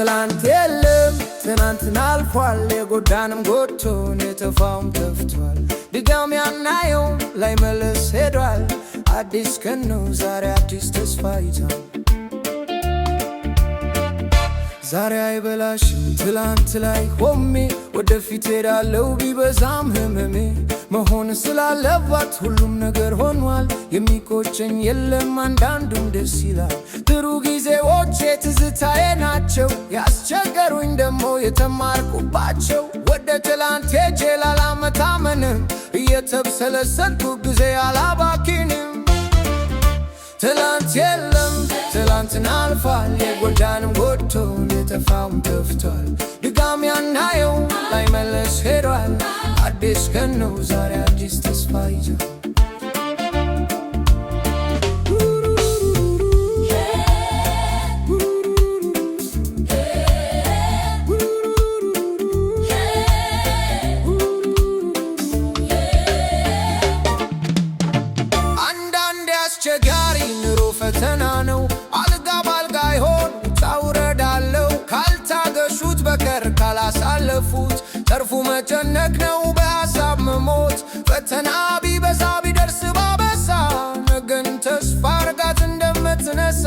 ትላንት የለም ትናንትን አልፏል። የጎዳንም ጎቶን የተፋውም ተፍቷል። ድጋሚ ያናየው ላይ መለስ ሄዷል። አዲስ ቀን ነው ዛሬ አዲስ ተስፋ ይዟል። ዛሬ አይበላሽም ትላንት ላይ ሆሜ ወደፊት ሄዳለው ቢበዛም ህመሜ መሆን ስላለባት ሁሉም ነገር ሆኗል። የሚቆጨኝ የለም አንዳንዱም ደስ ይላል። ጥሩ ጊዜዎቼ ትዝታዬ ናቸው። ያስቸገሩኝ ደግሞ የተማርኩባቸው። ወደ ትላንቴ ጄል አላመታመንም። እየተብሰለሰልኩ ጊዜ አላባኪንም። ትላንት የለም ትላንትን አልፏል። የጎዳንም ጎድቶን የተፋውም ተፍቷል። ድጋም ላይ መለስ ሄዷል። አዲስ ቀን ነው ዛሬ አዲስ ተስፋ ይዞ ኑሮ ፈተና ነው። አልጋ ባልጋ አይሆን ውጣ ውረድ አለው ካልታገሹት በቀር ካላሳለፉት ተርፉ መጨነቅ ነው በሀሳብ መሞት። ፈተና ቢበዛ ቢደርስ ባበሳ ነገን ተስፋ አርጋት እንደምትነሳ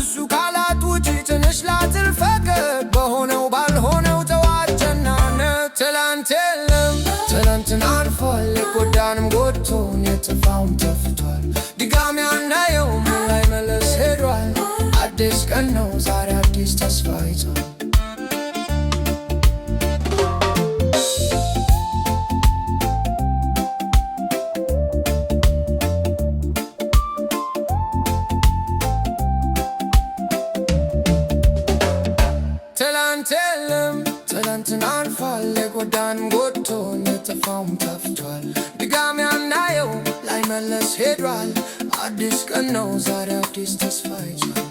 እሱ ካላት ውጪ ትንሽ ላትል ፈገግ በሆነው ባልሆነው ተዋጀና ትላንት የለም ትላንትን አልፏል። የጎዳንም ጎድቶን የጠፋውም ተፍቷል። ድጋሚ አናየውም ላይ መለስ ሄዷል። አዲስ ቀን ነው ዛሬ አዲስ ተስፋ ይዟል። Nanti nan falle go dan go to net a farm tough twal Di gami an ayo, lai me I just oh, can disca nos ar artistas fai